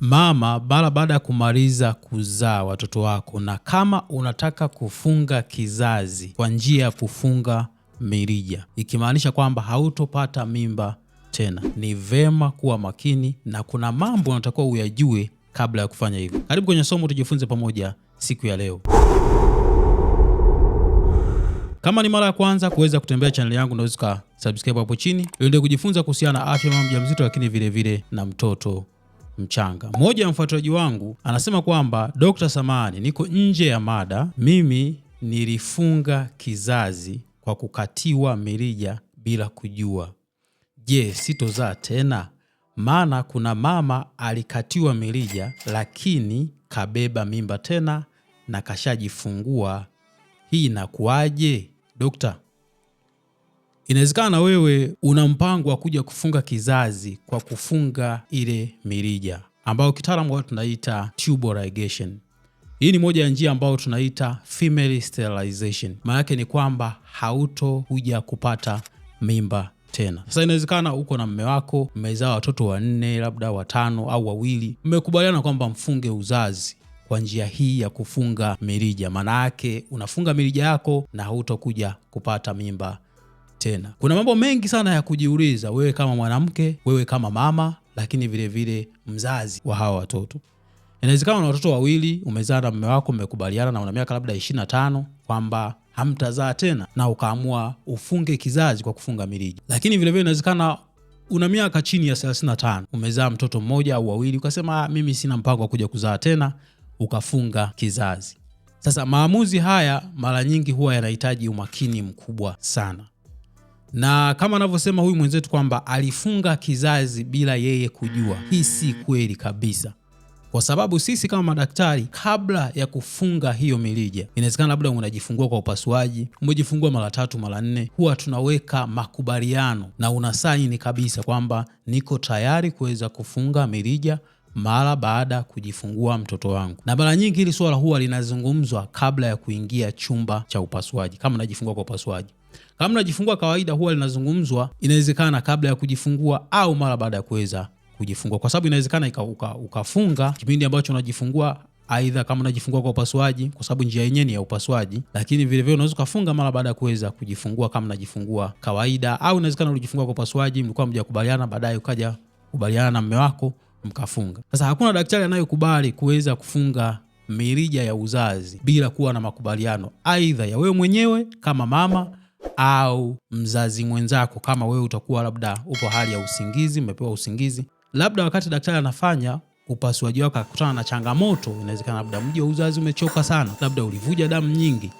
mama bara baada ya kumaliza kuzaa watoto wako, na kama unataka kufunga kizazi kwa njia ya kufunga mirija, ikimaanisha kwamba hautopata mimba tena, ni vema kuwa makini na kuna mambo unatakiwa uyajue kabla ya kufanya hivyo. Karibu kwenye somo tujifunze pamoja siku ya leo. Kama ni mara ya kwanza kuweza kutembea chaneli yangu, unaweza ukasubscribe hapo chini ili kujifunza kuhusiana na afya mama mjamzito, lakini vilevile na mtoto mchanga. Mmoja ya mfuatiliaji wangu anasema kwamba Dr. Samani, niko nje ya mada, mimi nilifunga kizazi kwa kukatiwa mirija bila kujua. Je, sitozaa tena? Maana kuna mama alikatiwa mirija lakini kabeba mimba tena na kashajifungua. Hii inakuwaje dokta? Inawezekana wewe una mpango wa kuja kufunga kizazi kwa kufunga ile mirija ambayo kitaalamu wao tunaita tubal ligation. Hii ni moja ya njia ambayo tunaita female sterilization. Maana yake ni kwamba hautokuja kupata mimba tena. Sasa inawezekana uko na mme wako, mmezaa watoto wanne labda watano au wawili, mmekubaliana kwamba mfunge uzazi kwa njia hii ya kufunga mirija. Maana yake unafunga mirija yako na hautokuja kupata mimba tena. Kuna mambo mengi sana ya kujiuliza, wewe kama mwanamke, wewe kama mama, lakini vilevile vile mzazi wa hawa watoto. Inawezekana una watoto wawili, umezaa na mume wako, mmekubaliana na una miaka labda 25 kwamba hamtazaa tena, na ukaamua ufunge kizazi kwa kufunga mirija. Lakini vilevile inawezekana una miaka chini ya 35 umezaa mtoto mmoja au wawili, ukasema ah, mimi sina mpango wa kuja kuzaa tena, ukafunga kizazi. Sasa maamuzi haya mara nyingi huwa yanahitaji umakini mkubwa sana na kama anavyosema huyu mwenzetu kwamba alifunga kizazi bila yeye kujua. Hii si kweli kabisa, kwa sababu sisi kama madaktari, kabla ya kufunga hiyo mirija, inawezekana labda unajifungua kwa upasuaji, umejifungua mara tatu mara nne, huwa tunaweka makubaliano na unasaini kabisa kwamba niko tayari kuweza kufunga mirija mara baada ya kujifungua mtoto wangu. Na mara nyingi hili swala huwa linazungumzwa kabla ya kuingia chumba cha upasuaji, kama unajifungua kwa upasuaji kama unajifungua kawaida, huwa linazungumzwa inawezekana kabla ya kujifungua au mara baada ya kuweza kujifungua, kwa sababu inawezekana ukafunga uka kipindi ambacho unajifungua aidha kama unajifungua kwa upasuaji, kwa sababu njia yenyewe ni ya upasuaji, lakini vile vile unaweza ukafunga mara baada ya kuweza kujifungua kama unajifungua kawaida, au inawezekana ulijifungua kwa upasuaji, mlikuwa mjakubaliana, baadaye ukaja kubaliana na mme wako mkafunga. Sasa hakuna daktari anayekubali kuweza kufunga mirija ya uzazi bila kuwa na makubaliano aidha ya wewe mwenyewe kama mama au mzazi mwenzako, kama wewe utakuwa labda upo hali ya usingizi, umepewa usingizi, labda wakati daktari anafanya upasuaji wako akakutana na changamoto. Inawezekana labda mji wa uzazi umechoka sana, labda ulivuja damu nyingi,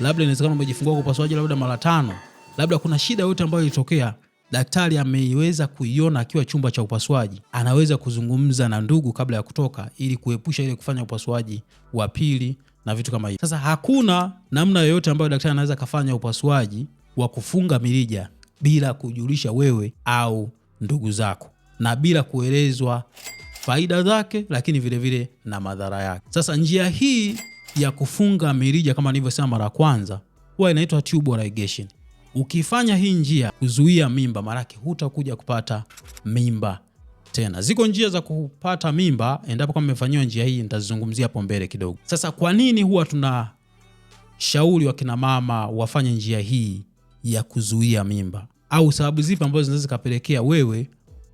labda inawezekana umejifungua kwa upasuaji labda mara tano, labda kuna shida yote ambayo ilitokea daktari ameiweza kuiona akiwa chumba cha upasuaji, anaweza kuzungumza na ndugu kabla ya kutoka, ili kuepusha ile kufanya upasuaji wa pili na vitu kama hivyo. Sasa hakuna namna yoyote ambayo daktari anaweza kafanya upasuaji wa kufunga mirija bila kujulisha wewe au ndugu zako na bila kuelezwa faida zake, lakini vilevile vile na madhara yake. Sasa njia hii ya kufunga mirija kama nilivyosema mara kwanza huwa inaitwa tubal ligation. Ukifanya hii njia kuzuia mimba, maanake hutakuja kupata mimba tena. Ziko njia za kupata mimba, endapo kama mmefanyiwa njia hii, nitazizungumzia hapo mbele kidogo. Sasa kwa nini huwa kina wakinamama wafanye njia hii ya kuzuia mimba, au sababu zipi ambazo zinaweza zikapelekea wewe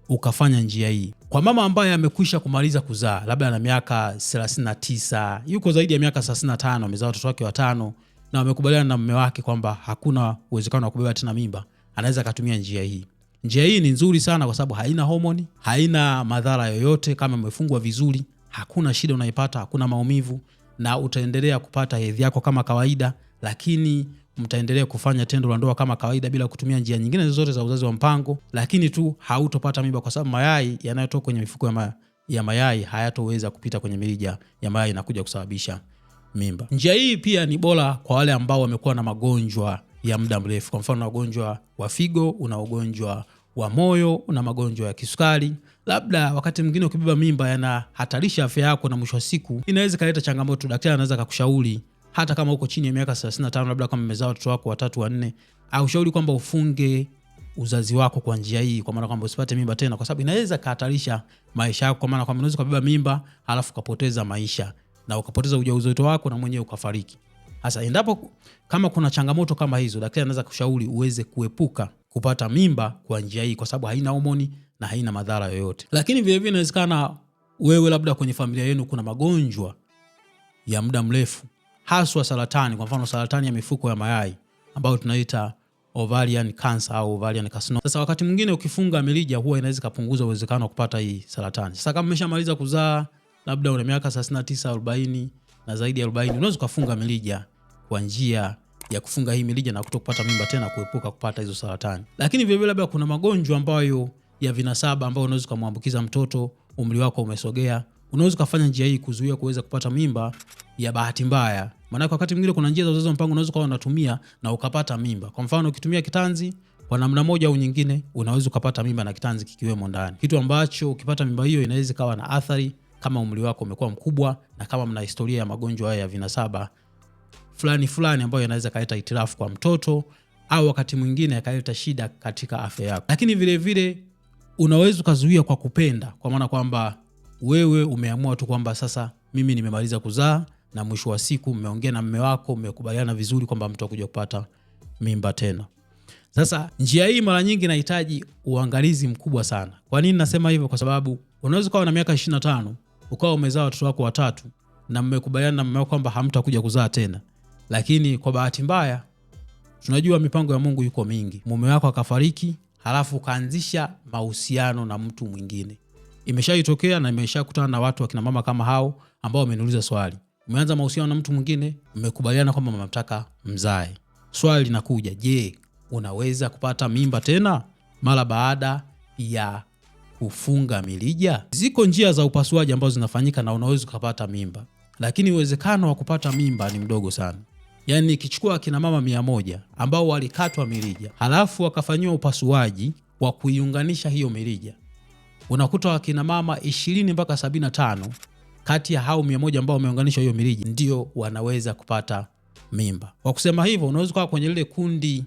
ukafanya njia hii? Kwa mama ambaye amekwisha kumaliza kuzaa, labda ana miaka 39, yuko zaidi ya miaka 35, amezaa watoto wake watano na wamekubaliana na mume wake kwamba hakuna uwezekano wa kubeba tena mimba, anaweza akatumia njia hii. Njia hii ni nzuri sana kwa sababu haina homoni, haina madhara yoyote. Kama umefungwa vizuri, hakuna shida unaipata, hakuna maumivu, na utaendelea kupata hedhi yako kama kawaida, lakini mtaendelea kufanya tendo la ndoa kama kawaida bila kutumia njia nyingine zozote za uzazi wa mpango, lakini tu hautopata mimba kwa sababu mayai yanayotoka kwenye mifuko ya, ma ya mayai hayatoweza kupita kwenye mirija ya mayai na kuja kusababisha mimba. Njia hii pia ni bora kwa wale ambao wamekuwa na magonjwa ya muda mrefu. Kwa mfano, una ugonjwa wa figo, una ugonjwa wa moyo, una magonjwa ya kisukari, labda wakati mwingine ukibeba mimba yanahatarisha afya yako, na mwisho wa siku inaweza kaleta changamoto. Daktari anaweza akakushauri hata kama uko chini ya miaka 35, labda kama mmezaa watoto wako watatu wanne, aushauri kwamba ufunge uzazi wako kwa njia hii, kwa maana kwamba usipate mimba tena, kwa sababu inaweza kahatarisha maisha yako, kwa maana kwamba unaweza kubeba mimba halafu ukapoteza maisha na ukapoteza ujauzito wako na mwenyewe ukafariki. Sasa endapo kama kuna changamoto kama hizo, daktari anaweza kushauri uweze kuepuka kupata mimba kwa njia hii, kwa sababu haina homoni na haina madhara yoyote. Lakini vilevile inawezekana wewe labda kwenye familia yenu kuna magonjwa ya muda mrefu, haswa saratani. Kwa mfano saratani ya mifuko ya mayai ambayo tunaita ovarian cancer au ovarian carcinoma. Sasa wakati mwingine ukifunga mirija huwa inaweza kupunguza uwezekano wa kupata hii saratani. Sasa kama umeshamaliza kuzaa, labda una miaka 39 40 na zaidi ya 40 unaweza kufunga mirija kwa njia ya kufunga hii mirija na kutokupata mimba tena, kuepuka kupata hizo saratani. Lakini vile labda kuna magonjwa ambayo ya vinasaba ambayo unaweza kumwambukiza mtoto, umri wako umesogea, unaweza kufanya njia hii kuzuia kuweza kupata mimba ya bahati mbaya. Maanake wakati mwingine kuna njia za uzazi wa mpango unaweza ukawa unatumia na ukapata mimba. Kwa mfano, ukitumia kitanzi kwa namna moja au nyingine, unaweza ukapata mimba na kitanzi kikiwemo ndani, kitu ambacho ukipata mimba hiyo inaweza ikawa na athari kama umri wako umekuwa mkubwa na kama mna historia ya magonjwa haya ya vinasaba fulani fulani ambayo yanaweza kaleta itilafu kwa mtoto au wakati mwingine yakaleta shida katika afya yako. Lakini vile vile unaweza ukazuia kwa kupenda, kwa maana kwamba wewe umeamua tu kwamba sasa mimi nimemaliza kuzaa, na mwisho wa siku mmeongea na mme wako, mmekubaliana vizuri kwamba mtu akuja kupata mimba tena. Sasa njia hii mara nyingi inahitaji uangalizi mkubwa sana. Kwa nini nasema hivyo? Kwa sababu unaweza ukawa na miaka ukawa umezaa watoto wako watatu na mmekubaliana na mmeo kwamba hamtakuja kuzaa tena, lakini kwa bahati mbaya tunajua mipango ya Mungu yuko mingi, mume wako akafariki, halafu ukaanzisha mahusiano na mtu mwingine. Imeshaitokea na imeshakutana na watu wakinamama kama hao ambao wameniuliza swali. Umeanza mahusiano na mtu mwingine, mmekubaliana kwamba mnataka mzae. Swali linakuja, je, unaweza kupata mimba tena mara baada ya kufunga mirija? Ziko njia za upasuaji ambazo zinafanyika na unaweza ukapata mimba, lakini uwezekano wa kupata mimba ni mdogo sana. Yaani nikichukua akina mama mia moja ambao walikatwa mirija halafu wakafanyiwa upasuaji wa kuiunganisha hiyo mirija, unakuta wakina mama 20 mpaka 75 kati ya hao mia moja ambao wameunganishwa hiyo mirija ndio wanaweza kupata mimba. Kwa kusema hivyo, unaweza ukawa kwenye lile kundi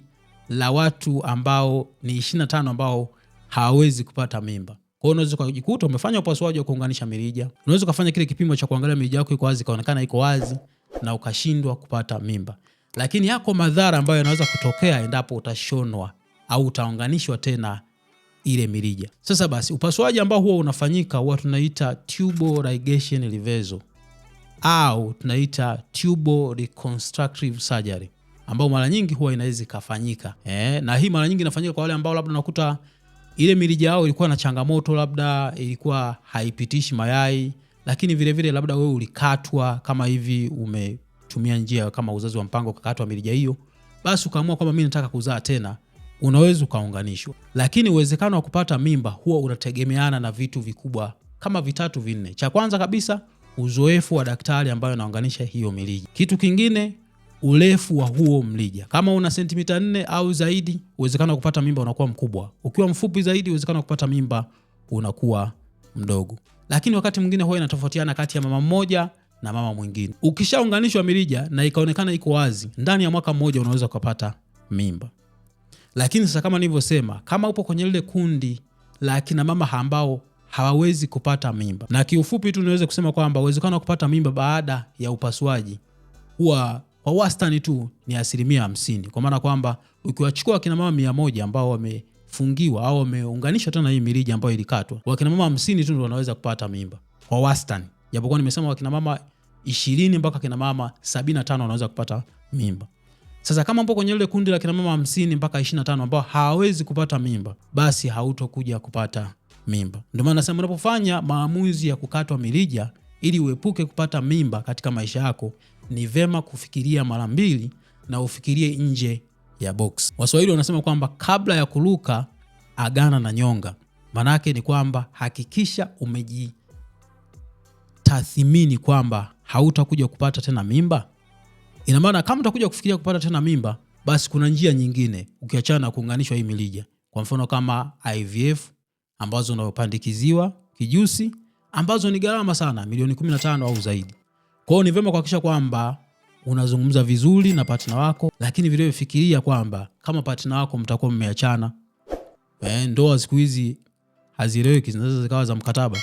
la watu ambao ni 25 ambao hawawezi kupata mimba. Kwa hiyo unaweza ukajikuta umefanya upasuaji wa kuunganisha mirija, unaweza ukafanya kile kipimo cha kuangalia mirija yako iko wazi, ikaonekana iko wazi na ukashindwa kupata mimba, lakini yako madhara ambayo yanaweza kutokea endapo utashonwa au utaunganishwa tena ile mirija. Sasa basi, upasuaji ambao huwa unafanyika huwa tunaita tubal ligation reversal au tunaita tubal reconstructive surgery ambao mara nyingi huwa inaweza ikafanyika eh, na hii mara nyingi inafanyika kwa wale ambao labda unakuta ile mirija yao ilikuwa na changamoto, labda ilikuwa haipitishi mayai, lakini vilevile vile labda wewe ulikatwa kama hivi, umetumia njia kama uzazi wa mpango ukakatwa mirija hiyo, basi ukaamua kwamba mimi nataka kuzaa tena, unaweza ukaunganishwa. Lakini uwezekano wa kupata mimba huwa unategemeana na vitu vikubwa kama vitatu vinne. Cha kwanza kabisa uzoefu wa daktari ambayo anaunganisha hiyo mirija. Kitu kingine urefu wa huo mlija. Kama una sentimita nne au zaidi, uwezekano wa kupata mimba unakuwa mkubwa. Ukiwa mfupi zaidi, uwezekano wa kupata mimba unakuwa mdogo. Lakini wakati mwingine huwa inatofautiana kati ya mama mmoja na mama mwingine. Ukishaunganishwa mirija na ikaonekana iko wazi, ndani ya mwaka mmoja unaweza ukapata mimba. Lakini sasa, kama nilivyosema, kama upo kwenye lile kundi la kina mama ambao hawawezi kupata mimba, na kiufupi tu niweze kusema kwamba uwezekano wa kupata mimba baada ya upasuaji huwa kwa wastani tu ni asilimia hamsini, kwa maana kwamba ukiwachukua wakina mama mia moja ambao wamefungiwa au wameunganishwa tena hii mirija ambayo ilikatwa, wakina mama hamsini tu ndio wanaweza kupata mimba kwa wastani, japokuwa nimesema wakina mama ishirini mpaka kina mama sabini na tano wanaweza kupata mimba. Sasa kama mpo kwenye lile kundi la kina mama hamsini mpaka ishirini na tano ambao hawawezi kupata mimba, basi hautokuja kupata mimba. Ndio maana nasema unapofanya maamuzi ya kukatwa mirija ili uepuke kupata mimba katika maisha yako, ni vema kufikiria mara mbili na ufikirie nje ya box. Waswahili wanasema kwamba kabla ya kuruka agana na nyonga. Maanake ni kwamba hakikisha umejitathimini kwamba hautakuja kupata tena mimba. Ina maana kama utakuja kufikiria kupata tena mimba, basi kuna njia nyingine ukiachana na kuunganishwa hii mirija, kwa mfano kama IVF ambazo unapandikiziwa kijusi ambazo ni gharama sana, milioni 15 au zaidi. Kwa hiyo ni vyema kuhakikisha kwamba unazungumza vizuri na partner wako, lakini vile fikiria kwamba kama partner wako mtakuwa mmeachana. eh, ndoa siku hizi hazieleweki, zinaweza zikawa za mkataba,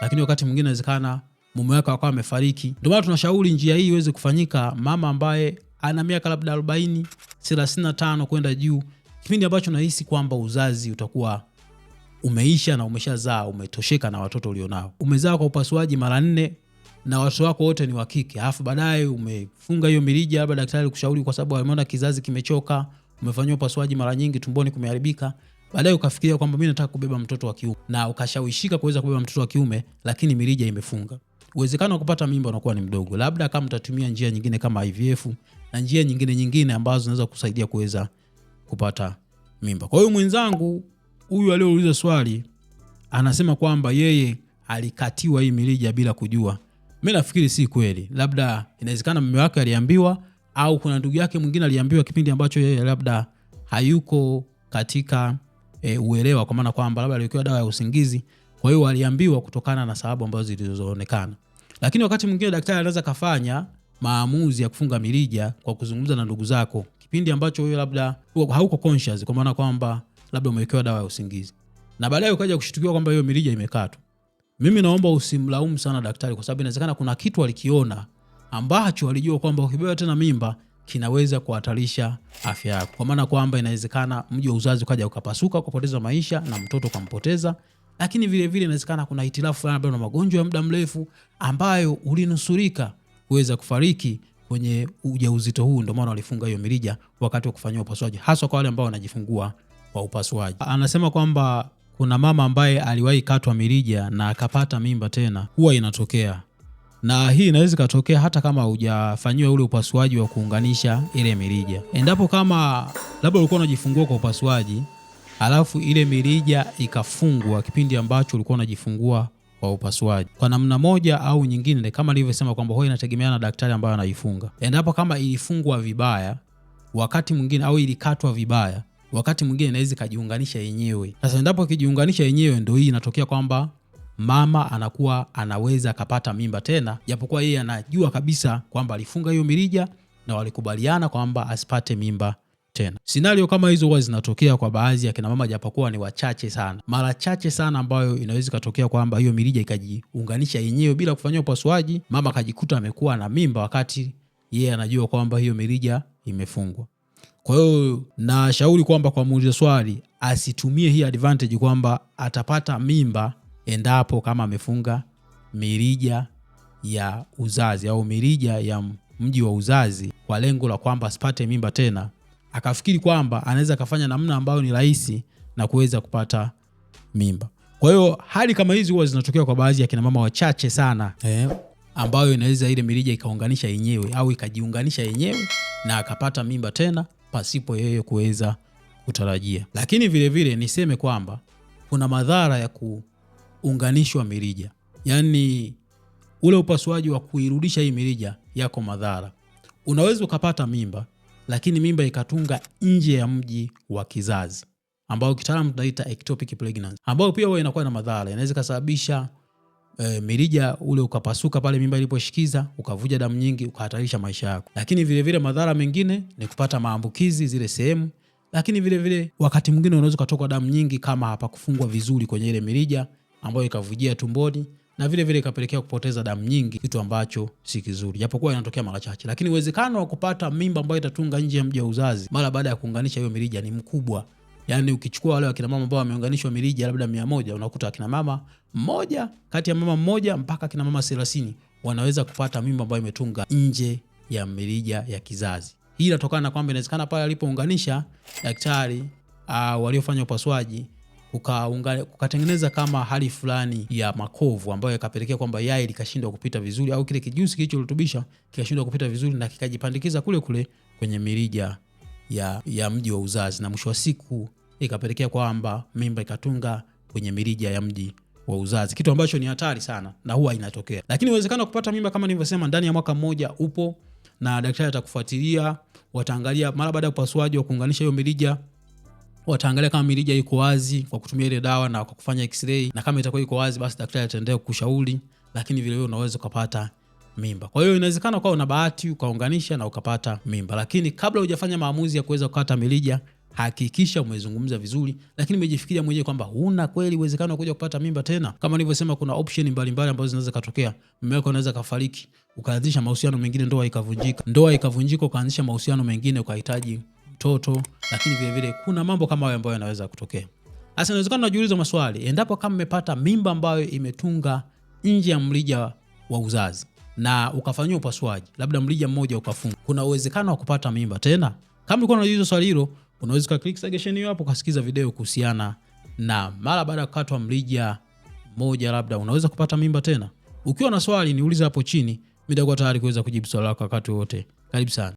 lakini wakati mwingine inawezekana mume wake akawa amefariki. Ndio maana tunashauri njia hii iweze kufanyika mama ambaye ana miaka labda 40, 35 kwenda juu, kipindi ambacho unahisi kwamba uzazi utakuwa umeisha na umeshazaa, umetosheka na watoto ulionao. Umezaa kwa upasuaji mara nne na watoto wako wote ni wa kike, alafu baadaye umefunga hiyo mirija, labda daktari alikushauri kwa sababu ameona kizazi kimechoka, umefanyiwa upasuaji mara nyingi, tumboni kumeharibika, baadaye ukafikiria kwamba mimi nataka kubeba mtoto wa kiume na ukashawishika kuweza kubeba mtoto wa kiume, lakini mirija imefunga, uwezekano wa kupata mimba unakuwa ni mdogo, labda kama mtatumia njia nyingine kama IVF na njia nyingine nyingine ambazo zinaweza kusaidia kuweza kupata mimba. Kwa hiyo mwenzangu huyu aliyouliza swali anasema kwamba yeye alikatiwa hii mirija bila kujua mi nafikiri si kweli, labda inawezekana mume wake aliambiwa, au kuna ndugu yake mwingine aliambiwa kipindi ambacho yeye labda hayuko katika e, uelewa, kwa maana kwamba labda aliwekewa dawa ya usingizi, kwa hiyo aliambiwa kutokana na sababu ambazo zilizoonekana. Lakini wakati mwingine daktari anaweza kafanya maamuzi ya kufunga mirija kwa kuzungumza na ndugu zako kipindi ambacho wewe labda hauko conscious, kwa maana kwamba labda umewekewa dawa ya usingizi na baadaye ukaja kushtukiwa kwamba hiyo mirija imekatwa. Mimi naomba usimlaumu sana daktari, kwa sababu inawezekana kuna kitu alikiona ambacho alijua kwamba ukibeba tena mimba kinaweza kuhatarisha afya yako, kwa maana kwamba inawezekana mji wa uzazi ukaja ukapasuka ukapoteza maisha na mtoto ukampoteza. Lakini vilevile inawezekana kuna hitilafu fulani, labda na magonjwa ya muda mrefu ambayo ulinusurika kuweza kufariki kwenye ujauzito huu. Ndio maana walifunga hiyo mirija wakati wa kufanyia upasuaji, haswa kwa wale ambao wanajifungua kwa upasuaji. Anasema kwamba kuna mama ambaye aliwahi katwa mirija na akapata mimba tena, huwa inatokea na hii inaweza ikatokea hata kama hujafanyiwa ule upasuaji wa kuunganisha ile mirija. Endapo kama labda ulikuwa unajifungua kwa upasuaji, alafu ile mirija ikafungwa kipindi ambacho ulikuwa unajifungua kwa upasuaji, kwa namna moja au nyingine, kama nilivyosema kwamba huwa inategemeana na daktari ambayo anaifunga. Endapo kama ilifungwa vibaya wakati mwingine au ilikatwa vibaya, wakati mwingine inaweza ikajiunganisha yenyewe. Sasa endapo ikijiunganisha yenyewe, ndio hii inatokea kwamba mama anakuwa anaweza akapata mimba tena, japokuwa yeye anajua kabisa kwamba alifunga hiyo mirija na walikubaliana kwamba asipate mimba tena. Sinario kama hizo huwa zinatokea kwa baadhi ya kina mama, japokuwa ni wachache sana, mara chache sana, ambayo inaweza ikatokea kwamba hiyo mirija ikajiunganisha yenyewe bila kufanyia upasuaji, mama akajikuta amekuwa na mimba wakati yeye anajua kwamba hiyo mirija imefungwa. Kwa hiyo nashauri kwamba kwa muulize swali asitumie hii advantage kwamba atapata mimba endapo kama amefunga mirija ya uzazi au mirija ya mji wa uzazi kwa lengo la kwamba asipate mimba tena, akafikiri kwamba anaweza akafanya namna ambayo ni rahisi na kuweza kupata mimba. Kwa hiyo hali kama hizi huwa zinatokea kwa baadhi ya kina mama wachache sana eh, ambayo inaweza ile mirija ikaunganisha yenyewe au ikajiunganisha yenyewe na akapata mimba tena pasipo yeye kuweza kutarajia. Lakini vilevile niseme kwamba kuna madhara ya kuunganishwa mirija, yaani ule upasuaji wa kuirudisha hii mirija, yako madhara. Unaweza ukapata mimba, lakini mimba ikatunga nje ya mji wa kizazi, ambayo kitaalamu tunaita ectopic pregnancy, ambayo pia huwa inakuwa na madhara, inaweza ikasababisha e, mirija ule ukapasuka pale mimba iliposhikiza ukavuja damu nyingi ukahatarisha maisha yako. Lakini vilevile vile madhara mengine ni kupata maambukizi zile sehemu, lakini vilevile vile, wakati mwingine unaweza ukatoka damu nyingi kama hapakufungwa vizuri kwenye ile mirija ambayo ikavujia tumboni na vile vile ikapelekea kupoteza damu nyingi, kitu ambacho si kizuri, japokuwa inatokea mara chache. Lakini uwezekano wa kupata mimba ambayo itatunga nje ya mji wa uzazi mara baada ya kuunganisha hiyo mirija ni mkubwa yani ukichukua wale wakina mama ambao wameunganishwa mirija labda mia moja, unakuta akina mama mmoja kati ya mama mmoja mpaka akina mama thelathini wanaweza kupata mimba ambayo imetunga nje ya mirija ya kizazi. Hii inatokana na kwamba inawezekana pale alipounganisha daktari uh, waliofanya upasuaji kukatengeneza kama hali fulani ya makovu ambayo yakapelekea kwamba yai likashindwa kupita vizuri, au kile kijusi kilichorutubisha kikashindwa kupita vizuri na kikajipandikiza kule kule kwenye mirija ya, ya mji wa uzazi, na mwisho wa siku ikapelekea kwamba mimba ikatunga kwenye mirija ya mji wa uzazi, kitu ambacho ni hatari sana na huwa inatokea. Lakini uwezekano wa kupata mimba kama nilivyosema, ndani ya mwaka mmoja upo, na daktari atakufuatilia, wataangalia mara baada ya upasuaji wa kuunganisha hiyo mirija wataangalia kama mirija iko wazi kwa kutumia ile dawa na kwa kufanya x-ray, na kama itakuwa iko wazi, basi daktari ataendelea kukushauri, lakini vile vile unaweza ukapata mimba. Kwa hiyo inawezekana kwa una bahati ukaunganisha na ukapata mimba, lakini kabla hujafanya maamuzi ya kuweza kukata mirija hakikisha umezungumza vizuri, lakini umejifikiria mwenyewe kwamba huna kweli uwezekano wa kuja kupata mimba tena. Kama nilivyosema, kuna option mbalimbali mbali ambazo zinaweza katokea. Mume wako anaweza kafariki, ukaanzisha mahusiano mengine, ndoa ikavunjika. Ndoa ikavunjika, ukaanzisha mahusiano mengine, ukahitaji mtoto, lakini vile vile kuna mambo kama hayo ambayo yanaweza kutokea. Sasa inawezekana unajiuliza maswali, endapo kama umepata mimba ambayo imetunga nje ya mrija wa uzazi na ukafanyiwa upasuaji, labda mrija mmoja ukafunga, kuna uwezekano wa kupata mimba tena? Kama ulikuwa unajiuliza swali hilo unaweza ka click suggestion hiyo hapo ukasikiza video kuhusiana na mara baada ya kukatwa mrija moja, labda unaweza kupata mimba tena. Ukiwa na swali niulize hapo chini, mimi nitakuwa tayari kuweza kujibu swali lako wakati wote. Karibu sana.